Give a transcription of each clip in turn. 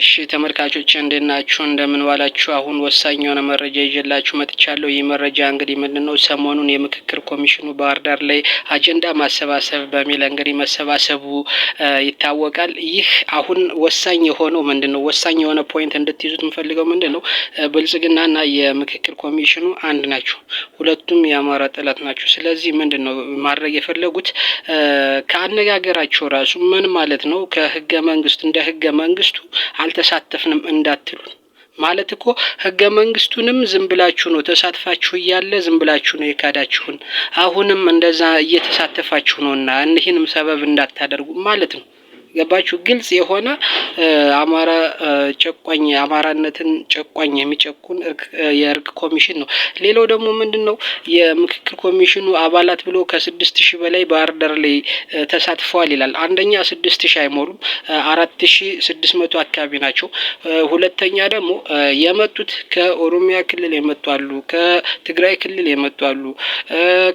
እሺ ተመልካቾች እንደምን ዋላችሁ? አሁን ወሳኝ የሆነ መረጃ ይዤላችሁ መጥቻለሁ። ይህ መረጃ እንግዲህ ምንድን ነው? ሰሞኑን የምክክር ኮሚሽኑ ባህር ዳር ላይ አጀንዳ ማሰባሰብ በሚል እንግዲህ መሰባሰቡ ይታወቃል። ይህ አሁን ወሳኝ የሆነው ምንድን ነው? ወሳኝ የሆነ ፖይንት እንድትይዙት የምፈልገው ምንድን ነው? ብልጽግናና የምክክር ኮሚሽኑ አንድ ናቸው። ሁለቱም የአማራ ጠላት ናቸው። ስለዚህ ምንድን ነው ማድረግ የፈለጉት? ከአነጋገራቸው ራሱ ምን ማለት ነው? ከህገ መንግስቱ እንደ ህገ መንግስቱ አልተሳተፍንም እንዳትሉን ማለት እኮ ህገ መንግስቱንም ዝም ብላችሁ ነው ተሳትፋችሁ እያለ ዝም ብላችሁ ነው የካዳችሁን። አሁንም እንደዛ እየተሳተፋችሁ ነውና ይህንም ሰበብ እንዳታደርጉ ማለት ነው። ገባችሁ? ግልጽ የሆነ አማራ ጨቋኝ አማራነትን ጨቋኝ የሚጨቁን የእርቅ ኮሚሽን ነው። ሌላው ደግሞ ምንድን ነው የምክክር ኮሚሽኑ አባላት ብሎ ከስድስት ሺህ በላይ ባህር ዳር ላይ ተሳትፈዋል ይላል። አንደኛ ስድስት ሺህ አይሞሉም፣ አራት ሺህ ስድስት መቶ አካባቢ ናቸው። ሁለተኛ ደግሞ የመጡት ከኦሮሚያ ክልል የመጡ አሉ፣ ከትግራይ ክልል የመጡ አሉ፣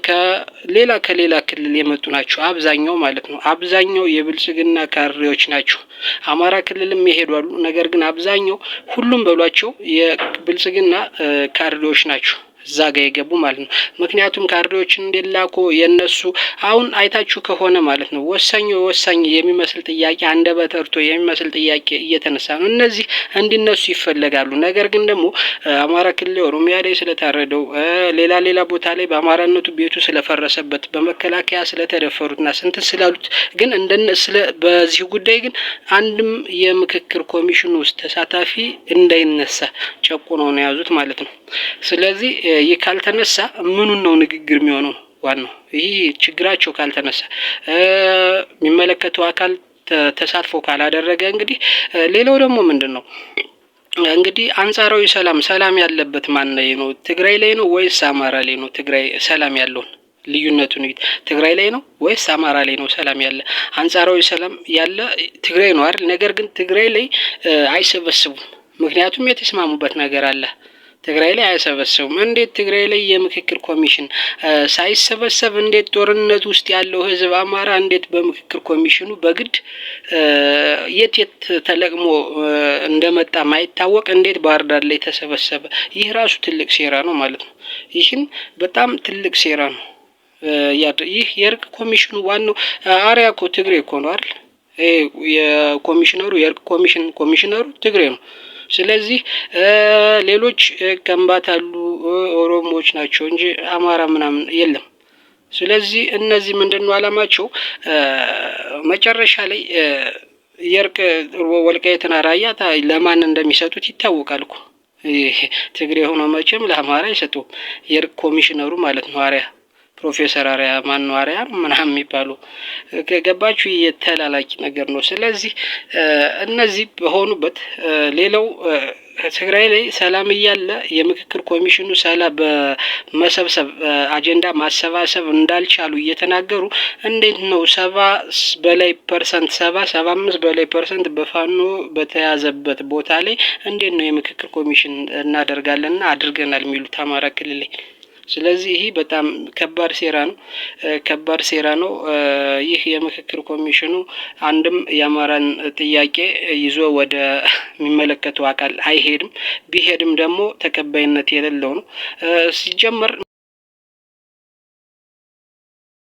ከሌላ ከሌላ ክልል የመጡ ናቸው። አብዛኛው ማለት ነው አብዛኛው የብልጽግና ተባባሪዎች ናቸው። አማራ ክልልም ይሄዷሉ። ነገር ግን አብዛኛው ሁሉም በሏቸው የብልጽግና ካድሬዎች ናቸው። እዛ ጋ የገቡ ማለት ነው። ምክንያቱም ካድሬዎችን እንደላኩ የነሱ አሁን አይታችሁ ከሆነ ማለት ነው ወሳኝ ወሳኝ የሚመስል ጥያቄ አንደ በተርቶ የሚመስል ጥያቄ እየተነሳ ነው። እነዚህ እንዲነሱ ይፈለጋሉ። ነገር ግን ደግሞ አማራ ክልል ኦሮሚያ ላይ ስለታረደው ሌላ ሌላ ቦታ ላይ በአማራነቱ ቤቱ ስለፈረሰበት በመከላከያ ስለተደፈሩትና ስንት ስላሉት ግን እንደነ ስለ በዚህ ጉዳይ ግን አንድም የምክክር ኮሚሽኑ ውስጥ ተሳታፊ እንዳይነሳ ጨቁ ነው ነው የያዙት ማለት ነው። ስለዚህ ይህ ካልተነሳ ምኑን ነው ንግግር የሚሆነው? ዋናው ይህ ችግራቸው ካልተነሳ የሚመለከተው አካል ተሳትፎ ካላደረገ እንግዲህ ሌላው ደግሞ ምንድን ነው እንግዲህ አንጻራዊ ሰላም ሰላም ያለበት ማን ላይ ነው? ትግራይ ላይ ነው ወይስ አማራ ላይ ነው? ትግራይ ሰላም ያለውን ልዩነቱን ትግራይ ላይ ነው ወይስ አማራ ላይ ነው ሰላም ያለ? አንጻራዊ ሰላም ያለ ትግራይ ነው አይደል? ነገር ግን ትግራይ ላይ አይሰበስቡም። ምክንያቱም የተስማሙበት ነገር አለ። ትግራይ ላይ አያሰበሰቡም። እንዴት ትግራይ ላይ የምክክር ኮሚሽን ሳይሰበሰብ እንዴት ጦርነት ውስጥ ያለው ህዝብ አማራ እንዴት በምክክር ኮሚሽኑ በግድ የት የት ተለቅሞ እንደመጣ ማይታወቅ እንዴት ባህር ዳር ላይ ተሰበሰበ? ይህ ራሱ ትልቅ ሴራ ነው ማለት ነው። ይህን በጣም ትልቅ ሴራ ነው። ይህ የእርቅ ኮሚሽኑ ዋናው አሪያ እኮ ትግሬ እኮ ነው አይደል? የኮሚሽነሩ የእርቅ ኮሚሽን ኮሚሽነሩ ትግሬ ነው። ስለዚህ ሌሎች ከምባት ያሉ ኦሮሞዎች ናቸው እንጂ አማራ ምናምን የለም። ስለዚህ እነዚህ ነው አላማቸው? መጨረሻ ላይ የእርቅ ወልቃይትና ራያ ለማን እንደሚሰጡት ይታወቃል እኮ። ትግሬ የሆነው መቼም ለአማራ አይሰጡም። የእርቅ ኮሚሽነሩ ማለት ነው አሪያ ፕሮፌሰር አርያ ማነው አርያ ምናምን የሚባሉ ገባችሁ? የተላላቂ ነገር ነው። ስለዚህ እነዚህ በሆኑበት ሌላው ትግራይ ላይ ሰላም እያለ የምክክር ኮሚሽኑ ሰላ በመሰብሰብ አጀንዳ ማሰባሰብ እንዳልቻሉ እየተናገሩ እንዴት ነው ሰባ በላይ ፐርሰንት ሰባ ሰባ አምስት በላይ ፐርሰንት በፋኖ በተያዘበት ቦታ ላይ እንዴት ነው የምክክር ኮሚሽን እናደርጋለንና አድርገናል የሚሉት አማራ ክልል ላይ ስለዚህ ይሄ በጣም ከባድ ሴራ ነው፣ ከባድ ሴራ ነው። ይህ የምክክር ኮሚሽኑ አንድም የአማራን ጥያቄ ይዞ ወደ የሚመለከተው አካል አይሄድም፣ ቢሄድም ደግሞ ተቀባይነት የሌለው ነው ሲጀመር